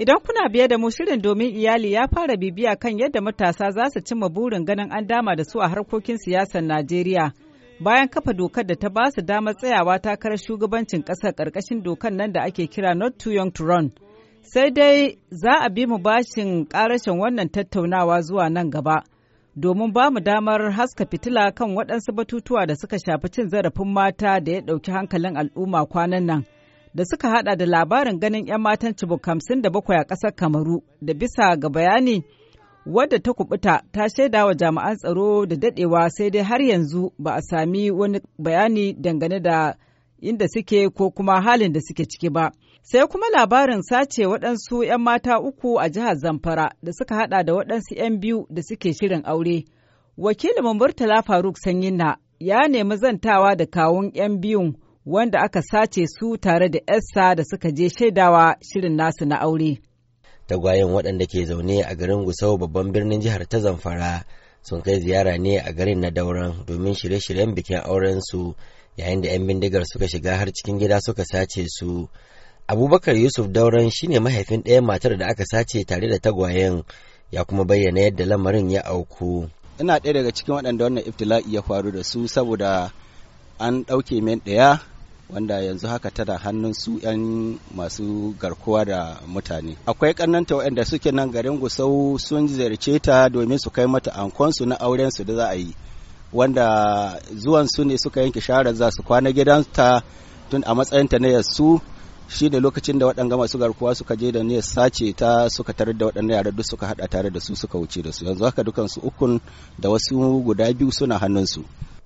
Idan kuna biye da mu shirin domin iyali ya fara bibiya kan yadda matasa za su cimma burin ganin an dama da su a harkokin siyasar Najeriya. Bayan kafa dokar da ta ba su damar tsayawa takarar shugabancin ƙasar ƙarƙashin dokar nan da ake kira Not Too Young to Run. Sai dai za a bi mu bashin ƙarashin wannan tattaunawa zuwa nan gaba. Domin ba mu damar haska fitila kan waɗansu batutuwa da suka shafi cin zarafin mata da ya ɗauki hankalin al'umma kwanan nan. da suka hada da labarin ganin 'yan matan cibok 57 bakwai a ƙasar Kamaru da bisa ga bayani wadda ta kubuta ta shaida wa jami'an tsaro da dadewa sai dai har yanzu ba a sami wani bayani dangane da inda suke ko kuma halin da suke ciki ba. Sai kuma labarin sace waɗansu 'yan mata uku a jihar Zamfara da suka hada da waɗansu 'yan biyu da suke shirin aure. Wakilin Murtala Faruk na ya nemi zantawa da kawun 'yan biyun wanda aka sace su tare da Essa da suka je shaidawa shirin nasu na aure. Tagwayen waɗanda ke zaune a garin Gusau babban birnin jihar ta Zamfara sun kai ziyara ne a garin na Dauran domin shirye-shiryen bikin auren su yayin da 'yan bindigar suka shiga har cikin gida suka sace su. Abubakar Yusuf Dauran shine mahaifin ɗaya matar da aka sace tare da tagwayen ya kuma bayyana yadda lamarin ya auku. Ina ɗaya daga cikin waɗanda wannan iftila'i ya faru da su saboda an ɗauke min ɗaya wanda yanzu haka tana hannun su 'yan masu garkuwa da mutane akwai ƙannanta waɗanda suke nan garin gusau sun ziyarce ta domin su kai mata ankonsu na auren su da za a yi wanda zuwan su ne suka yanke sharar za su kwana gidanta tun a matsayinta na yasu shi ne lokacin da waɗanga masu garkuwa suka je da niyyar sace ta suka tarar da waɗannan yaran duk suka haɗa tare da su suka wuce da su yanzu haka dukansu ukun da wasu guda biyu suna hannunsu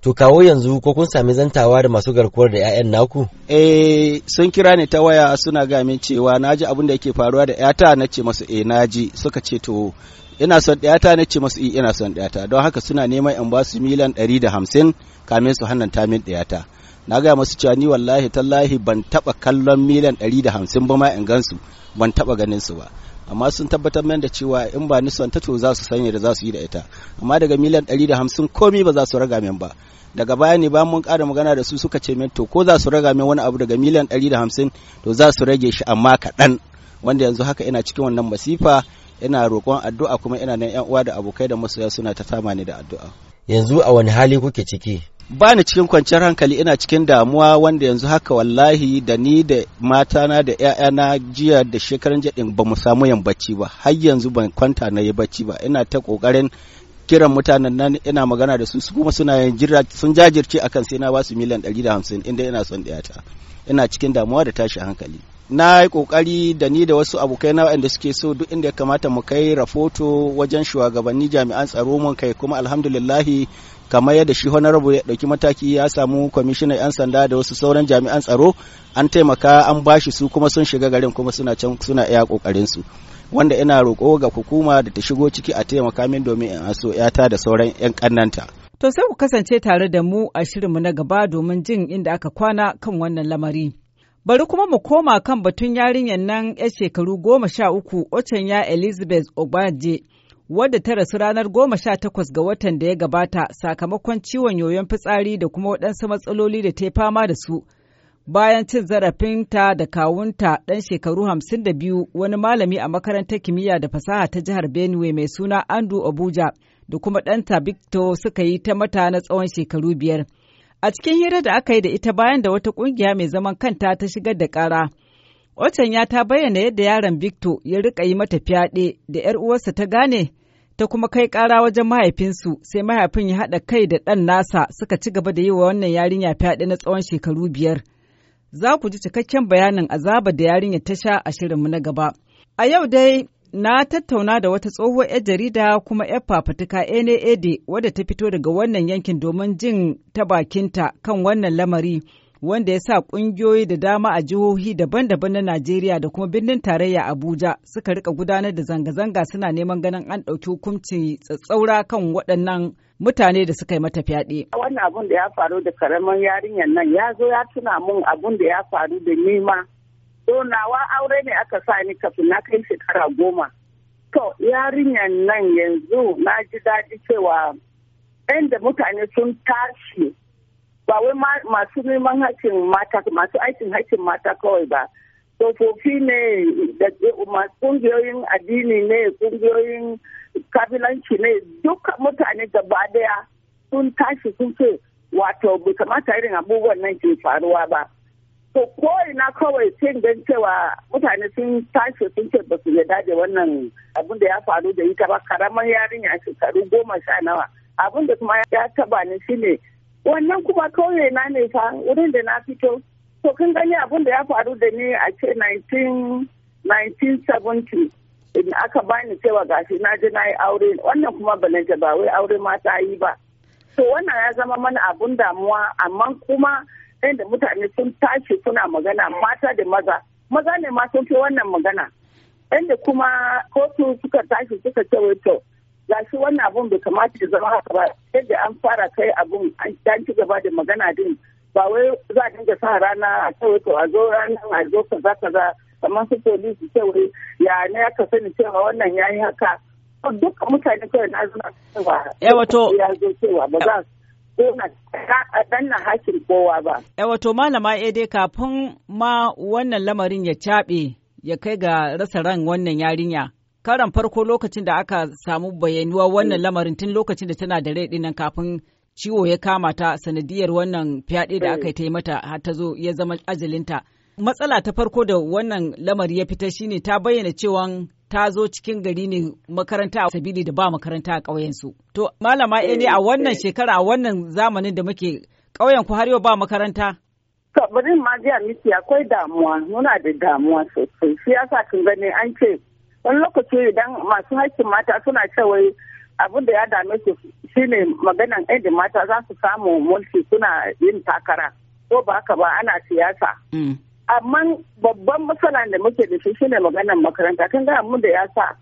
To kawo yanzu ko kun sami zantawa da masu garkuwar da 'ya'yan naku? Eh sun kira ni ta waya suna gami cewa na ji abin da yake faruwa da 'yata na ce masu eh na ji suka ce to ina son 'yata na ce masu eh, ina son 'yata don haka suna neman in ba su miliyan ɗari da hamsin kamin su hannanta min ɗayata. na gaya masu cewa ni wallahi tallahi ban taɓa kallon miliyan da hamsin ba ma in gansu ban taɓa ganin su ba amma sun tabbatar mana da cewa in ba nisan ta to za su sanya da za su yi da ita amma daga miliyan 150 komi ba za su raga min ba daga baya ne ban mun ƙara magana da su suka ce min to ko za su raga min wani abu daga miliyan 150 to za su rage shi amma kaɗan wanda yanzu haka ina cikin wannan masifa ina roƙon addu'a kuma ina nan yan uwa da abokai da masoya suna ta tama ni da addu'a yanzu a wani hali kuke ciki ba ni cikin kwanciyar hankali ina cikin damuwa wanda yanzu haka wallahi da ni da matana da 'ya'yana jiya da shekaran jaɗin ba mu samu yambaci ba har yanzu ban kwanta na yi bacci ba ina ta ƙoƙarin kiran mutanen nan ina magana da su kuma suna yin jira sun jajirce akan sai na basu miliyan 150 inda ina son ɗayata ina cikin damuwa da tashi hankali na yi kokari da ni da wasu abokai na waɗanda suke so duk inda ya kamata mu kai rahoto wajen shugabanni jami'an tsaro mun kai kuma alhamdulillahi kamar yadda shi honorable ya ɗauki mataki ya samu kwamishinan yan sanda da wasu sauran jami'an tsaro an taimaka an bashi su kuma sun shiga garin kuma suna can suna iya kokarin su wanda ina roƙo ga hukuma da ta shigo ciki a taimaka min domin in aso yata da sauran yan kannanta to sai ku kasance tare da mu a shirin mu na gaba domin jin inda aka kwana kan wannan lamari Bari kuma mu koma kan batun yarinyar nan yan shekaru goma sha uku ya Elizabeth Ogbaje wadda ta rasu ranar goma sha takwas ga watan da ya gabata sakamakon ciwon yoyon fitsari da kuma waɗansu matsaloli da ta yi fama da su bayan cin zarafinta da kawunta ɗan shekaru hamsin da biyu wani malami a makarantar kimiyya da fasaha ta jihar benue mai suna andrew abuja da kuma ɗanta victor suka yi ta mata na tsawon shekaru biyar a cikin hira da aka yi da ita bayan da wata ƙungiya mai zaman kanta ta shigar da ƙara ya ta bayyana yadda yaron Victor ya rika yi mata fyaɗe da 'yar uwarsa ta gane ta kuma kai ƙara wajen mahaifinsu sai mahaifin ya haɗa kai da ɗan nasa suka ci gaba da yi wa wannan yarinya fyaɗe na tsawon shekaru biyar. Za ku ji cikakken bayanin azaba da yarinya ta sha a shirinmu na gaba. A yau dai na tattauna da wata tsohuwar 'yar jarida kuma 'yar fafutuka ede wadda ta fito daga wannan yankin domin jin ta bakinta kan wannan lamari. wanda ya sa kungiyoyi da dama a jihohi daban-daban na Najeriya da kuma birnin tarayya Abuja suka rika gudanar da zanga-zanga suna neman ganin an ɗauki hukuncin tsatsaura kan waɗannan mutane da suka yi mata fyaɗe. Wannan abun da ya faru da karamin yarinyar nan ya zo ya tuna mun abun da ya faru da nima. Donawa aure ne aka sa ni kafin na kai shekara goma. To yarinyar nan yanzu na ji daɗi cewa da mutane sun tashi ba wai masu neman haƙƙin mata masu aikin haƙƙin mata kawai ba tsofaffi ne da kungiyoyin addini ne kungiyoyin kabilanci ne duka mutane gaba daya sun tashi sun ce wato bai kamata irin abubuwan nan ke faruwa ba to ko ina kawai sun gan cewa mutane sun tashi sun ce ba su yarda da wannan abin da ya faru da ita ba karamar yarinya shekaru goma sha nawa abin da kuma ya taba ni shine wannan kuma kauye na ne fa wurin da na fito to kun gani abin da ya faru da ni a ce 1970 in aka bani cewa gashi na je na yi aure wannan kuma na ba wai aure ma ta yi ba to wannan ya zama mana abun damuwa amma kuma inda mutane sun tashi suna magana mata da maza maza ne ma sun fi wannan magana inda kuma kotu suka tashi suka ce to gashi wannan abun bai kamata da zama haka ba yadda an fara kai abun an ci gaba da magana din ba wai za a dinga sa rana a kawai to a zo rana a zo kaza kaza kamar su polisi ce wai ya ne aka sani cewa wannan ya yi haka duk mutane kawai na zuna cewa eh, ya zo cewa ba za na hakin kowa ba. Eh, to malama Ede eh, kafin ma wannan lamarin ya caɓe ya kai ga rasa ran wannan yarinya. karan farko lokacin da aka samu bayanuwa wannan mm. lamarin tun lokacin da tana da rai dinnan kafin ciwo ya kama ta sanadiyar wannan fyaɗe da mm. aka yi mata har ta zo ya zama ajalinta. Matsala ta farko da wannan lamari ya fita shine ta bayyana cewa ta zo cikin gari ne makaranta a sabili da ba makaranta a ƙauyensu. To malama ne a mm. wannan shekara a wannan zamanin da muke ƙauyen ku har yau ba makaranta? Kabarin ma jiya miki akwai damuwa muna da damuwa sosai shi yasa kin gani an ce wani lokaci idan masu haƙƙin mata suna cewa abin da ya dame su shine maganan ɗin mata za su samu mulki suna yin takara ko ba haka ba ana siyasa mm. amma babban matsala da muke da shi shine maganan makaranta kan ga mu da ya sa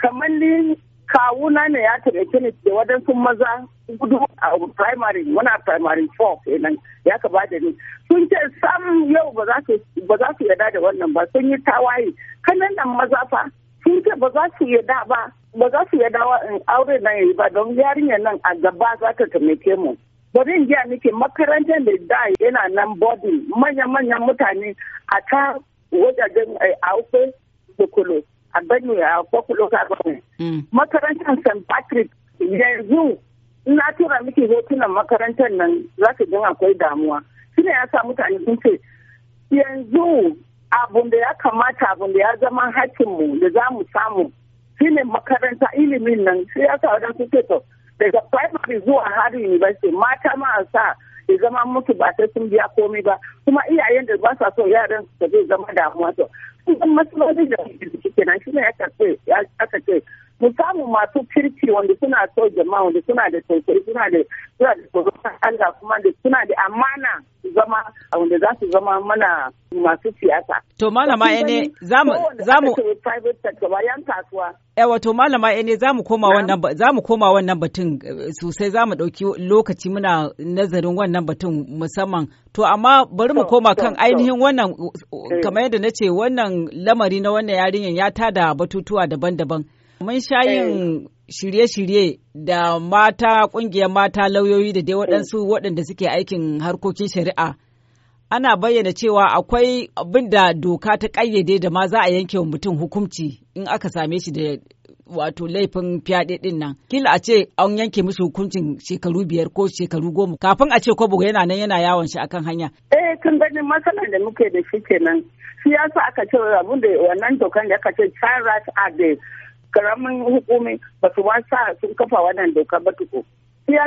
kamar ni kawuna ne ya taimake ni da wadansu maza gudu a primary a primary four kenan ya ka ba da ni sun ce sam yau ba za su yada da wannan ba sun yi tawaye kanan nan maza fa sun ce ba za su yada ba ba za su yada wa eh, aure nan yi ba don yarinyar nan a gaba za ta taimake mu bari in gaya miki makarantar da da yana nan body manya-manyan mutane a ta wajajen eh, aukwe da kulo a Benue a Kwakulo Makarantar St. Patrick yanzu na tura miki hotunan makarantar nan za ka jin akwai damuwa. Shi ya sa mutane sun ce yanzu abun da ya kamata abun da ya zama hakkinmu da za mu samu shine makaranta ilimin nan sai ya sa wajen su to daga primary zuwa har university mata ma a sa bai zama mutu ba sai sun biya komai ba kuma iyayen da ba sa so yaran su zai zama damuwa to sun matsaloli da suke na shi ne aka ce mu samu masu kirki wanda suna so jama'a wanda suna da tausayi suna da suna da tsoron Allah kuma da suna da amana zama wanda za su zama mana masu siyasa. To malama ene za mu. bayan kasuwa. Yawa to malama ene mu koma wannan koma wannan batun eh, sosai za mu dauki lokaci muna nazarin wannan batun musamman to amma bari mu koma kan ainihin wannan eh. kamar yadda na ce wannan lamari na wannan yarinyan ya tada batutuwa daban-daban. Mun sha eh. yin shirye-shirye da mata ƙungiyar mata lauyoyi da dai waɗansu mm. waɗanda suke aikin harkokin shari'a. Ana bayyana cewa akwai abin da doka ta ƙayyade da ma za a yanke wa mutum hukunci in aka same shi da wato laifin fyaɗe ɗin nan kila a ce an yanke musu hukuncin shekaru biyar ko shekaru goma kafin a ce kobo yana nan yana yawon shi akan hanya. eh kin ganin matsalar da muke da shi kenan shi aka ce abin da wannan dokan da aka ce child rights act karamin hukumi ba su wasa sun kafa wannan doka ba tuko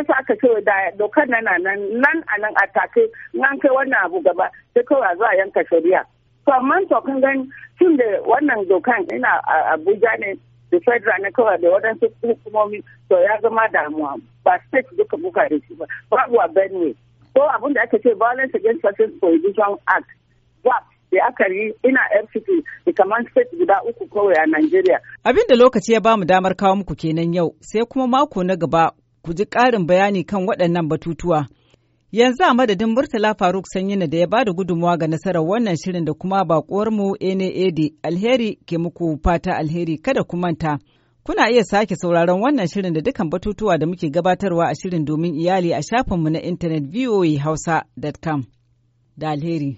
sa aka ce da dokar nan nan nan a nan a take nan kai wannan abu gaba sai kawai za a yanka shari'a to amma to kun gani tun da wannan dokan ina abuja ne da federal ne kawai da waɗansu hukumomi to ya zama damuwa ba state duka buka da shi ba babu a benue ko abin da aka ce violence against persons prohibition act wap yi ina yar da kamar state guda uku kawai a Najeriya. Abin da lokaci ya bamu damar kawo muku kenan yau sai kuma mako na gaba ku ji ƙarin bayani kan waɗannan batutuwa. Yanzu a madadin Murtala Faruk Sanyina da ya ba da gudunmawa ga nasarar wannan shirin da kuma baƙuwarmu NAAD alheri ke muku fata alheri kada ku manta. Kuna iya sake sauraron wannan shirin da dukan batutuwa da muke gabatarwa a shirin domin iyali a shafinmu na intanet voahausa.com da alheri.